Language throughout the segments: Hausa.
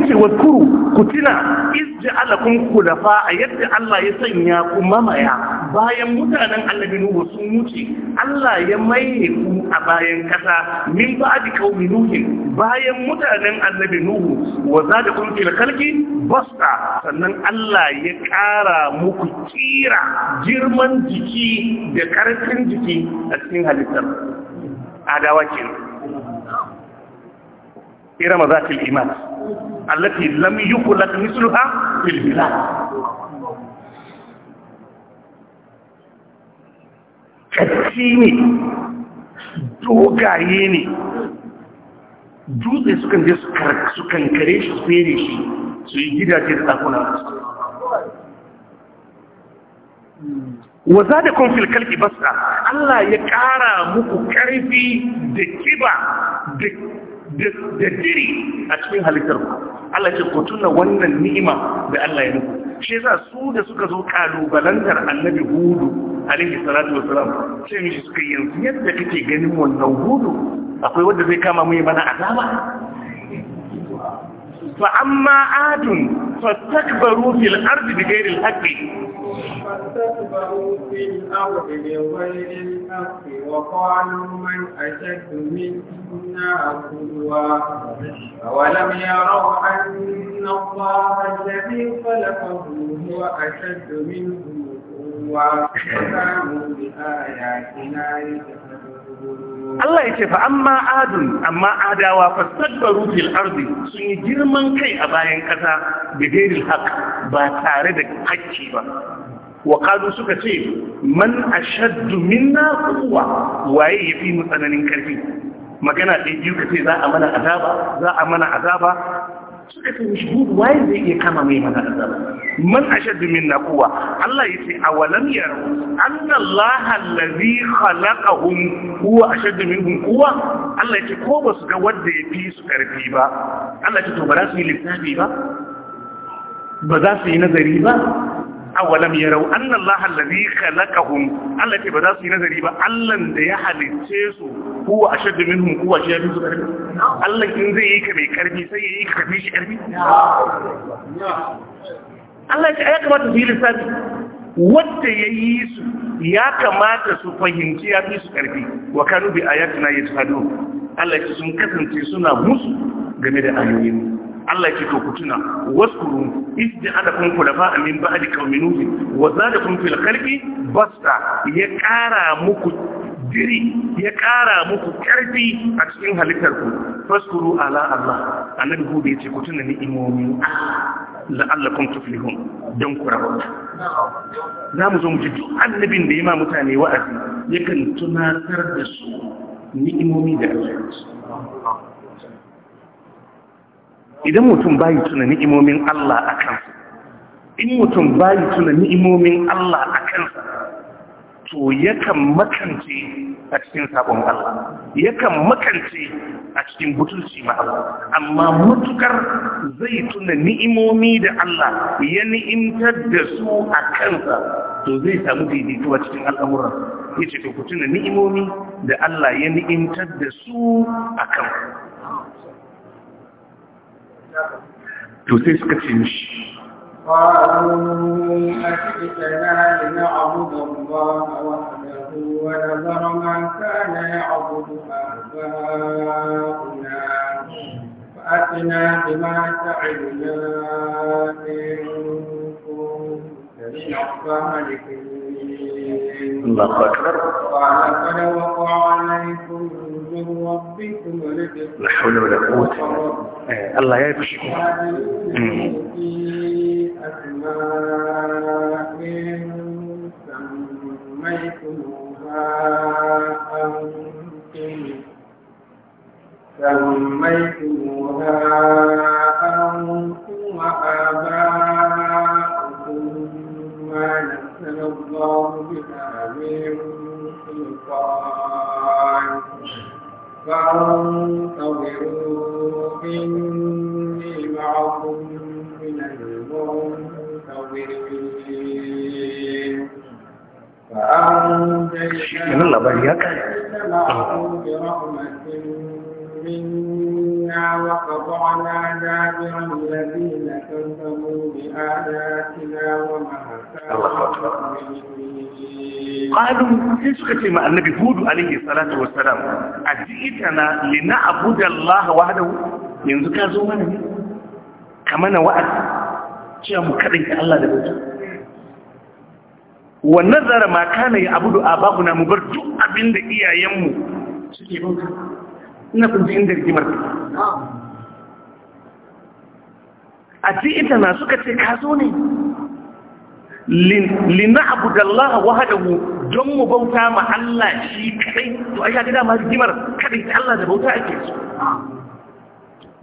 ce wa kuru ku tuna kulafa a yadda Allah ya sanya ku mamaya bayan mutanen annabi Nuhu sun wuce Allah ya maye ku a bayan kasa min ba'di qaumi Nuhu bayan mutanen annabi Nuhu wa zadakum fil khalqi basta sannan Allah ya ƙara muku kira girman jiki da ƙarfin jiki a cikin halittar adawa kenan irama zatil iman lam ne dogaye ne dutse sukan je su kankare shi su fere shi su yi gidaje da ɗakuna waza da kun filkalki basa Allah ya ƙara muku ƙarfi da kiba da da diri a cikin halittar ku Allah ce ku tuna wannan ni'ima da Allah ya muku shi yasa su da suka zo kalubalantar annabi hudu alaihi salatu wasalam sai mishi suka yanzu yadda kake ganin wannan hudu akwai wanda zai kama mu mana azaba fa amma adun fa takbaru fil ardi bi ghairi al haqqi وقالوا من أشد منا قوة أولم يروا أن الله الذي خلقهم هو أشد منهم قوة وكانوا بآياتنا يجحدون Allah ya ce fa amma adun amma adawa fa sadbaru fil ardi sun yi girman kai a bayan kasa bi ghairil haqq ba tare da hakki ba wa qalu suka ce man ashaddu minna quwwa waye yafi mu tsananin karfi magana ɗaya biyu ka ce za a mana azaba za a mana azaba suka ce shi waye zai iya kama mai mana azaba man ashaddu minna quwwa Allah yace awalam yaru anna Allah allazi khalaqahum huwa ashaddu minhum quwwa Allah yace ko ba su wanda ya fi su karfi ba Allah yace to ba yi lissafi ba ba yi nazari ba awalam yarau anna Allah allazi khalaqahum Allah yace ba za yi nazari ba da ya halicce su huwa shi su Allah in zai yi ka mai karfi sai yi ka Allah ya kamata su yi lissafi wadda ya yi su ya kamata su fahimci ya fi su karfi wa kanu bi ayatina yajhadu Allah ya sun kasance suna musu game da ayoyin Allah ya ce to ku tuna waskuru izja'alakum khulafa min ba'di qaumin nuh wa zadakum fil khalqi basta ya ƙara muku jiri ya ƙara muku karfi a cikin halittar fashkuru ala Allah annabi hudu ya ce ku tuna ni'imomin la'allakum tuflihun don ku rabu za mu zo mu ji duk annabin da ya ma mutane wa'azi yakan tunatar da su imomi da Allah idan mutum bai tuna ni'imomin Allah akan, in mutum bai tuna ni'imomin Allah akan to yakan makance a cikin sabon Allah yakan makance a cikin butulci ma amma mutukar zai tuna ni'imomi da Allah ya ni'imtar da su a kansa to zai samu a cikin al'amura. ya ce ku tuna ni'imomi da Allah ya ni'imtar da su a kansa to sai suka ce mishi قالوا أجئتنا لنعبد الله وحده ونذر ما كان يعبد آباؤنا فأتنا بما تعدنا إن كنت من الصالحين الله أكبر ولقد وقع عليكم من ربكم رزق لا حول ولا قوة إيه، الله يكشف أسماء سميتم أنتم سميتموها أنتم وآباؤكم ما نزل الله بها من سلطان فانتظروا إن الله haka وقطعنا دابر الذين كذبوا بآياتنا وما قالوا النبي هود عليه الصلاة والسلام أجئتنا لنعبد الله وحده ينزل كازو mana كمان وقت cewa mu kaɗaita Wannan zara ma kana ya abudu abahuna mu bar duk abin da iyayenmu suke bauta ina kun ji inda rigimar a ji ita na suka ce ka zo ne lina haɗa wahadahu don mu bauta ma Allah shi kadai to ai ga dama rigimar ta Allah da bauta ake so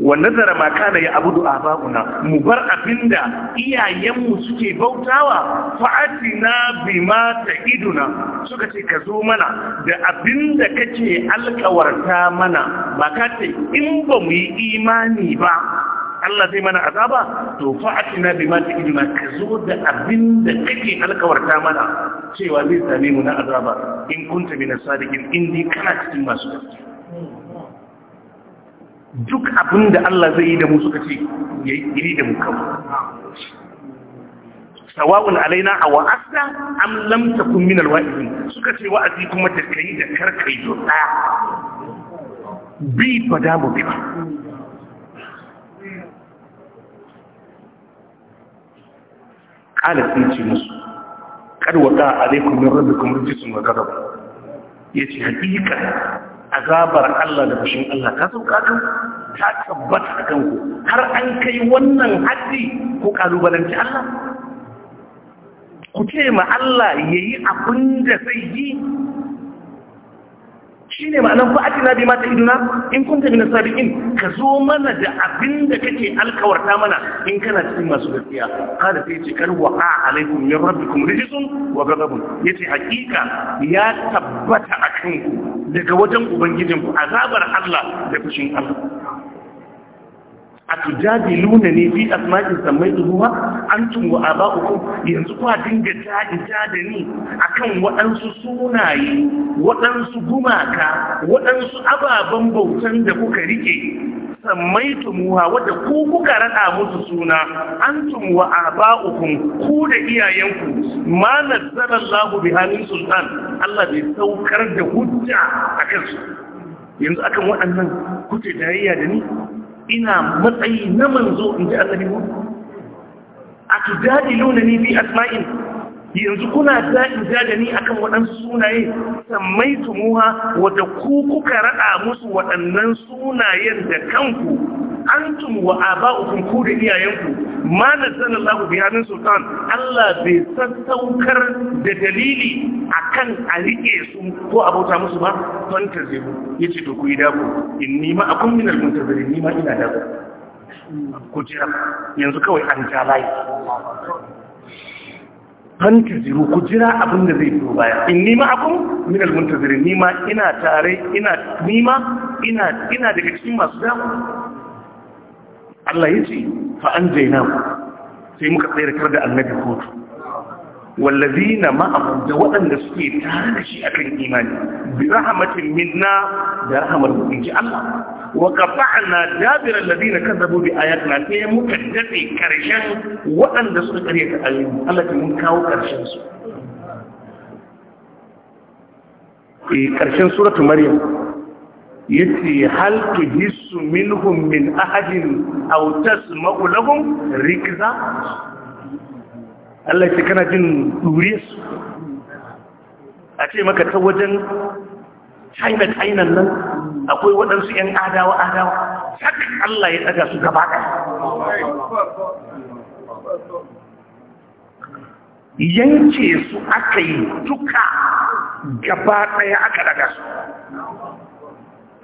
wa nazara ma kana ya abudu aba'una mu bar abinda iyayenmu suke bautawa fa'atina bima ta'iduna suka ce ka zo mana da abinda kace alkawarta mana ba ka ce in ba mu yi imani ba Allah zai mana azaba to fa'atina bima ta'iduna ka zo da abinda kake alkawarta mana cewa zai same mu na azaba in kunta min sadiqin in kana cikin masu gaskiya duk abin da Allah zai yi da mu suka ce ya yi da mu kawo. sawa'un alaina a wa'asta an lamta kun min alwa'izin suka ce wa'azi kuma da kai da karkai zo ɗaya bi ba mu bi ba sun ce musu ƙarwata a min rabbi kuma rijisun ga gaba ya ce hakika azabar Allah da fushin Allah ka sauka kakan ta tabbata a kanku har an kai wannan haddi ko kalubalanci Allah ku ce ma Allah yayi abin da zai yi shi ne ma'anar fa'ati na bi mata iduna in kun tafi na sabi'in ka zo mana da abin da kake alkawarta mana in kana cikin masu gaskiya kada sai ce kar wa a alaikum rabbi kuma rijisun wa gadabun yace hakika ya tabbata a kanku daga wajen ubangijinku azabar Allah da fushin Allah a luna ne fi asma'i samai ruwa an tunwa a yanzu kwa dinga jadija da ni akan waɗansu sunaye waɗansu gumaka waɗansu ababen bautan da kuka rike muha wadda ku kuka rada musu suna antum wa aba'ukum ku da iyayenku ma nazzalallahu bi halin sultan Allah bai saukar da hujja akan su yanzu akan waɗannan kuke tarayya da ni ina matsayi na manzo in ji annabi mu atujadiluna ni bi asma'in yanzu kuna ja da ni akan waɗansu sunaye sammai tumuwa wadda ku kuka raɗa musu waɗannan sunayen da kanku An tumuwa a aba'ukum ku da iyayenku ma ku biya hadin sultan Allah bai sassaukar da dalili akan a riƙe su ko abota musu ba don ta zai ce to ku yi dako inni ma a min al-muntazirin ni ma ina dako ku jira yanzu kawai an ja layi fantaziru ku jira abin da zai biyo baya in nima akun min almuntaziri nima ina tare ina nima ina ina daga cikin masu damu Allah yace fa an jaina sai muka tsayar kar da annabi kotu wallazina ma'ahu da waɗanda suke tare da shi akan imani bi rahmatin minna da rahmar mu Allah وقطعنا دابر الذين كذبوا بآياتنا في إيه مكدف كرشان وأن دسوا قرية الأيام التي منكاو كرشان في إيه كرشان سورة مريم يتي هل تجس منهم من أحد أو تسمع لهم ركزا Allah ce جن دوريس أتي su a ce maka akwai waɗansu ‘yan adawa adawa haka Allah ya ɗaga su gaba ɗaya yanke su aka yi duka gaba ɗaya aka ɗaga su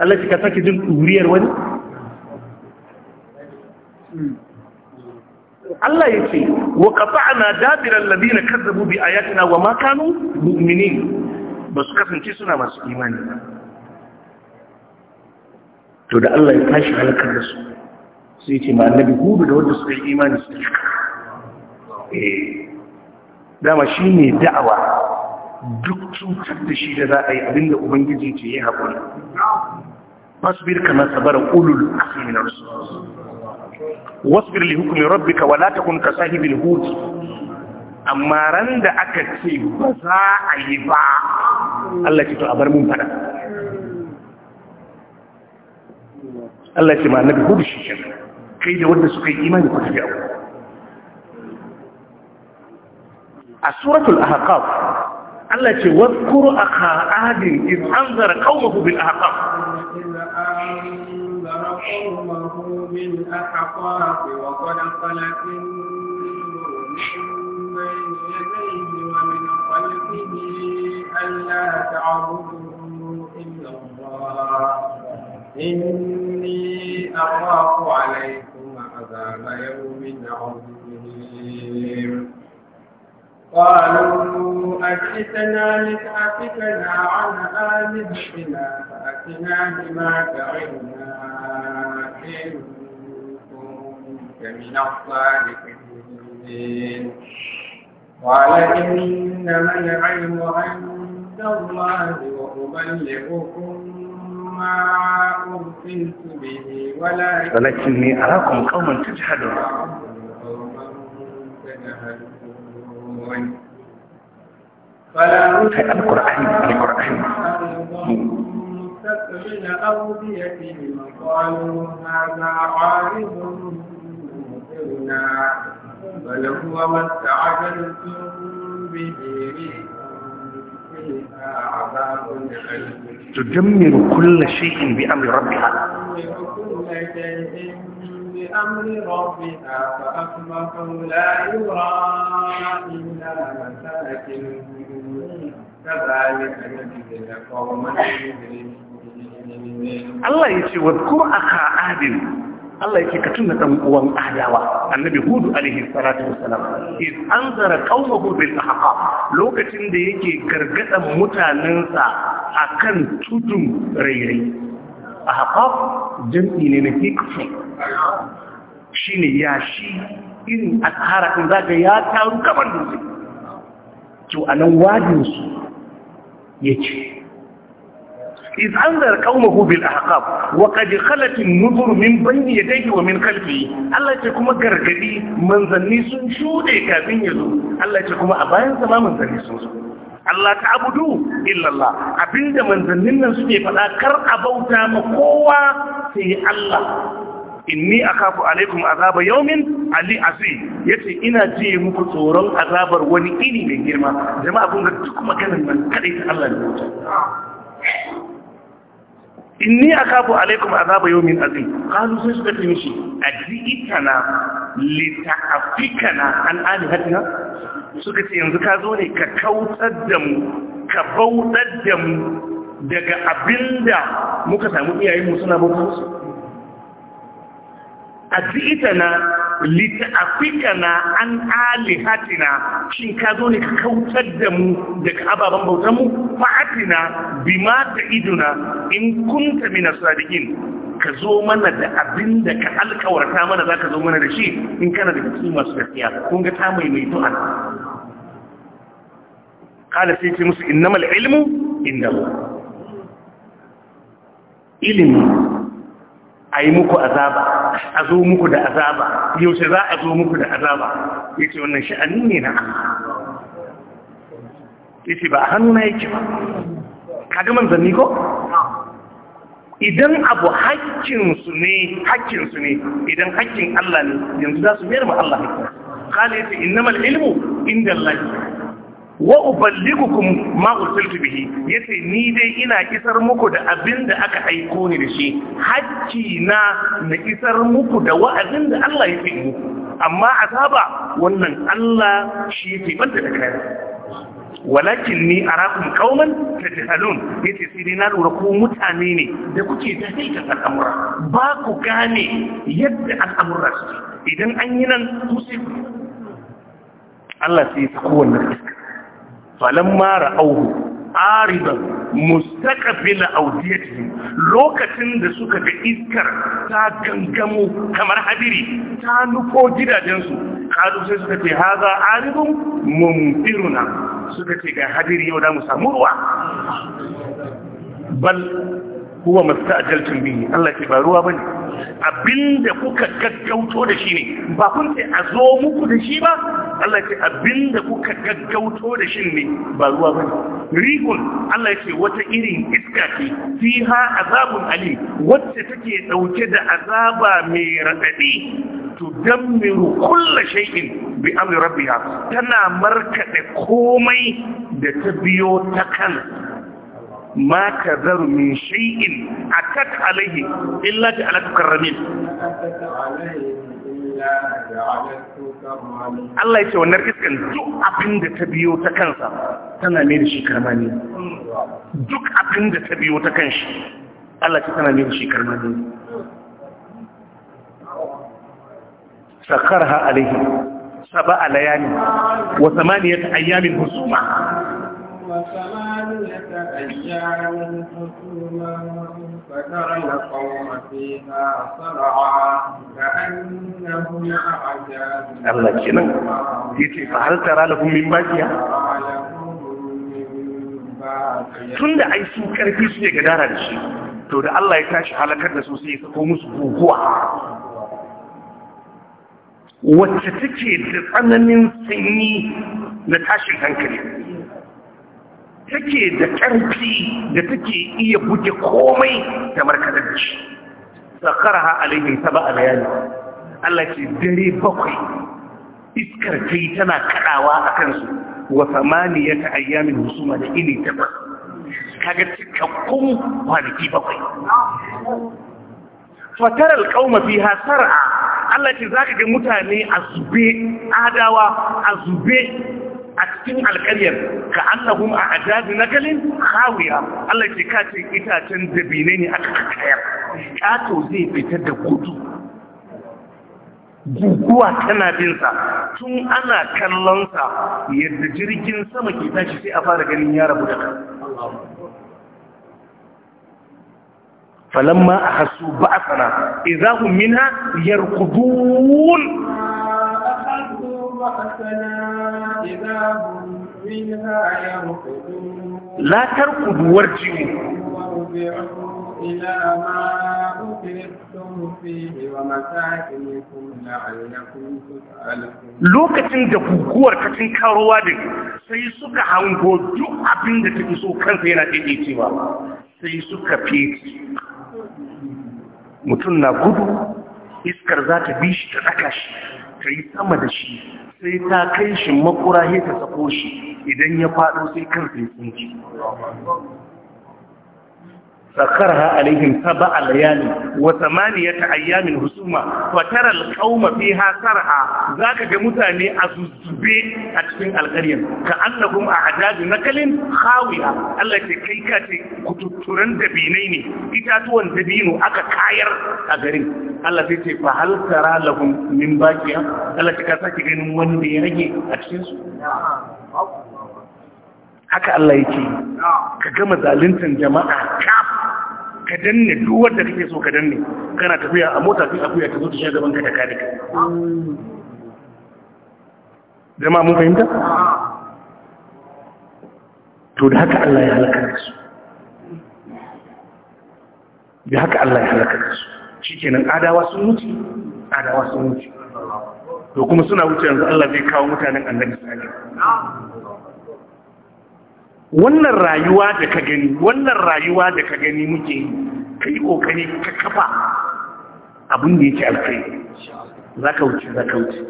Allah ka sake jin ɗuriyar wani Allah ya ce wa qata'na dabiral ladina kazzabu bi ayatina wa ma kanu mu'minin ba su kasance suna masu imani ba to da Allah ya tashi halakar da su sai ce ma annabi hudu da wanda suka yi imani su tashi eh, dama shi ne da'awa duk cutar da shi da za a yi abinda ubangiji ce ya haƙuri fasbir kama sabara ulul asmi su rusul wasbir li hukumin rabbika wala latakun ka sahibin hudu amma ran da aka ce ba za a yi ba Allah ce to a bar mun fada Allah ce ma annabi hudu shi kenan kai da wanda suka yi imani ku tafi abu a suratul ahqaf Allah ce wadhkuru akha adin iz anzara qaumahu bil ahqaf قومه بالأحقاف وقد خلت النور من بين يديه ومن خلفه ألا تعبدوا إلا الله الله عليكم عذاب يوم عظيم قالوا أجئتنا لتعفتنا عن آلهتنا فأتنا بما تعدنا إن كنت من الصادقين قال إنما العلم عند الله وأبلغكم ما أرسلت به ولكن ولكني أراكم قوما تجهلون فلا القرآن القرآن مستقبل أوديتهم قالوا هذا عارض ممطرنا بل هو ما استعجلتم به ريح تدمر كل شيء بأمر ربها بأمر ربها فأصبحوا لا يرى إلا مساكن كذلك نجزي القوم المجرمين الله يقول واذكر أخا آدم Allah yake ka tunna dan uwan adawa annabi hudu alaihi salatu wassalam iz anzara qaumahu bil haqa lokacin da yake gargadan mutanensa akan tudun rairayi haqa jami'i ne na hikfi shine shi irin asara in zaka ya taru kamar dutse to anan wajin su yace إذ أنذر قومه بالأحقاب وقد خلت النذر من بين يديه ومن خلفه الله يتكما غرغدي منزلني سن شوده كافين يزو الله يتكما أباين سما منزلني سن Allah ta abudu illallah abinda manzannin nan suke faɗa kar a bauta ma kowa sai Allah inni akhafu alaikum azaba yawmin ali asi yace ina ji muku tsoron azabar wani ini mai girma jama'a kun ga duk maganar nan kadai ta Allah ne inni akafu alaikum azaba yawmin azim qalu sai suka ce mishi aji'tana lita'afikana an alihatina suka ce yanzu ka zo ne ka kautar da mu ka bautar da mu daga abinda muka samu iyayenmu suna bautar su aji'tana lita'afikana an alihatina shin ka zo ne ka kautar da mu daga ababen bautar mu fa'atina bima ta iduna in kunta mina sadiqin ka zo mana da abin da ka alkawarta mana za ka zo mana da shi in kana da cikin masu gaskiya kun ga ta mai mai du'a qala sai ce musu innamal ilmu inda ilimi a yi muku azaba a zo muku da azaba yaushe za a zo muku da azaba ya ce wannan sha'ani ne na ya ce ba a hannu na yake ba kaga manzanni ko? idan abu haƙƙinsu ne haƙƙinsu ne idan haƙƙin Allah ne yanzu za su mayar ma Allah haƙƙinsu khalisi innamal ilmu inda Allah wa uballigukum ma ursiltu bihi yace ni dai ina kisar muku da abin da aka aiko ni da shi hajji na na kisar muku da wa'azin da Allah ya fi amma azaba wannan Allah shi yake banta da kai walakin ni arakum qauman tajhalun yace sai dai na lura ku mutane ne da kuke ta sai ta al'amura ba ku gane yadda al'amura suke idan an yi nan ku sai Allah sai ya kowanne iska mara auhu, ariban mustaqbil awdiyatihim lokacin da suka ga iskar ta gangamo kamar hadiri ta nufo gidajensu k'adu sai suka ce haza aribun mumtiruna suka ce ga hadiri yau da mu samu ruwa bal huwa mustajaltun bihi Allah ce ba ruwa bane abinda kuka gaggauto da shi ne ba kun ce a zo muku da shi ba Allah ce abinda kuka gaggauto da shi ne ba ruwa bane rigun Allah ce wata irin iska ce fiha azabun Ali. wacce take dauke da azaba mai radadi tudammiru kulla shay'in bi amri rabbiha tana markade komai da ta biyo ta kan ما كذر من شيء أتت عليه إلا جعلت كرمين الله يسوى نركز كان جوك أبين ده تبيو تكنسا تنا ميرشي كرماني جوك أبين ده تبيو تكنش الله يسوى تنا ميرشي كرماني سكرها عليه سبع ليالي وثمانية أيام هزومة ثمانية أيام حسوما فترى القوم فيها صرعا كأنهم أعجاز الله كنا يتي فهل ترى tunda ai su karfi su ne gadara da shi to da Allah ya tashi halakar da su sai ya sako musu guguwa wacce take da tsananin sanyi na tashin hankali take da ƙarfi da take iya buge komai da markaɗar sakara ha alaihi saba a Allah ce dare bakwai iskar ta tana kaɗawa a kansu wa samaniya ta ayyamin husuma da ini tabbas kaga cikakkun kwanaki bakwai fatar alƙauma fi hasara Allah ce za ka ga mutane a zube adawa a zube a cikin alƙaryar ka annahum a ajazi na galin hawiya Allah ke ka itacen dabine ne aka kayar kato zai fitar da gudu guguwa tana binsa tun ana kallon sa. yadda jirgin sama ke tashi sai a fara ganin ya rabu da kan falamma a hasu idza hum minha رأسنا إذا jini. Lokacin da guguwar ka tun karowa da sai suka hango duk abin da take so kansa yana daidaitewa sai suka fi mutum na gudu iskar za ta bi shi ta saka shi ta yi sama da shi sai ta kai shi makura ta sako shi idan ya faɗo sai kansa ya tsinci سخرها عليهم سبع ليال وثمانية أيام هسوما وترى القوم فيها سرعا ذاك جمتاني أزوزبي أتفين القرية كأنهم أعداد نكل خاوية التي كيكاتي كتبترن دبينيني إتاتوان دبينو أكا كاير أغرين التي تفعل ترى لهم من باكية التي كاتاكي غنم وندي رجي أتفين haka Allah yake ka gama zaluntar jama'a kaf ka danne duk wanda kake so ka danne kana tafiya a mota sai akuya ta zo ta shiga gaban ka ta kada ka jama mun fahimta to da haka Allah ya halaka ka su da haka Allah ya halaka da su shikenan adawa sun wuce adawa sun wuce to kuma suna wuce yanzu Allah zai kawo mutanen annabi sallallahu wannan rayuwa da ka gani wannan rayuwa da ka gani muke yi ka yi ƙoƙari ka kafa abin da yake alfai za ka wuce za ka wuce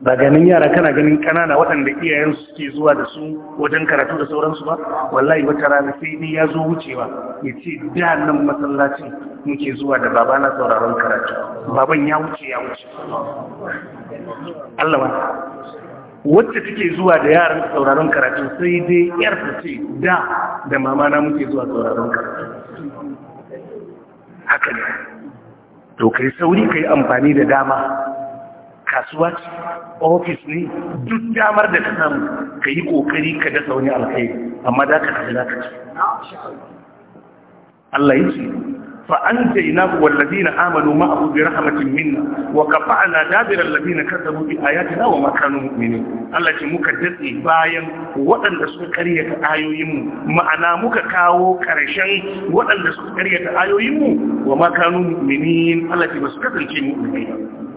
ba ganin yara kana ganin ƙanana waɗanda iyayensu ke zuwa da su wajen karatu da sauransu ba wallahi wata rana sai ni ya zo wucewa ya ce da nan masallacin muke zuwa da baba na sauraron karatu baban ya wuce ya wuce wacce take zuwa da yaran sauraron karatu sai dai yar ta ce da da mama na muke zuwa sauraron karatu haka ne to kai sauri kai amfani da dama kasuwa ce ne duk damar da ka samu ka yi kokari ka dasa wani alkhairi amma da ka kaji za ka ce Allah ya ce فأنجيناه والذين آمنوا معه برحمة منا وقطعنا دابر الذين كذبوا بآياتنا وما كانوا مؤمنين التي مكدتي باين وأن رسول كرية آيوهم معنا مككاو كرشن وأن رسول كرية آيوهم وما كانوا مؤمنين التي مسكتل مؤمنين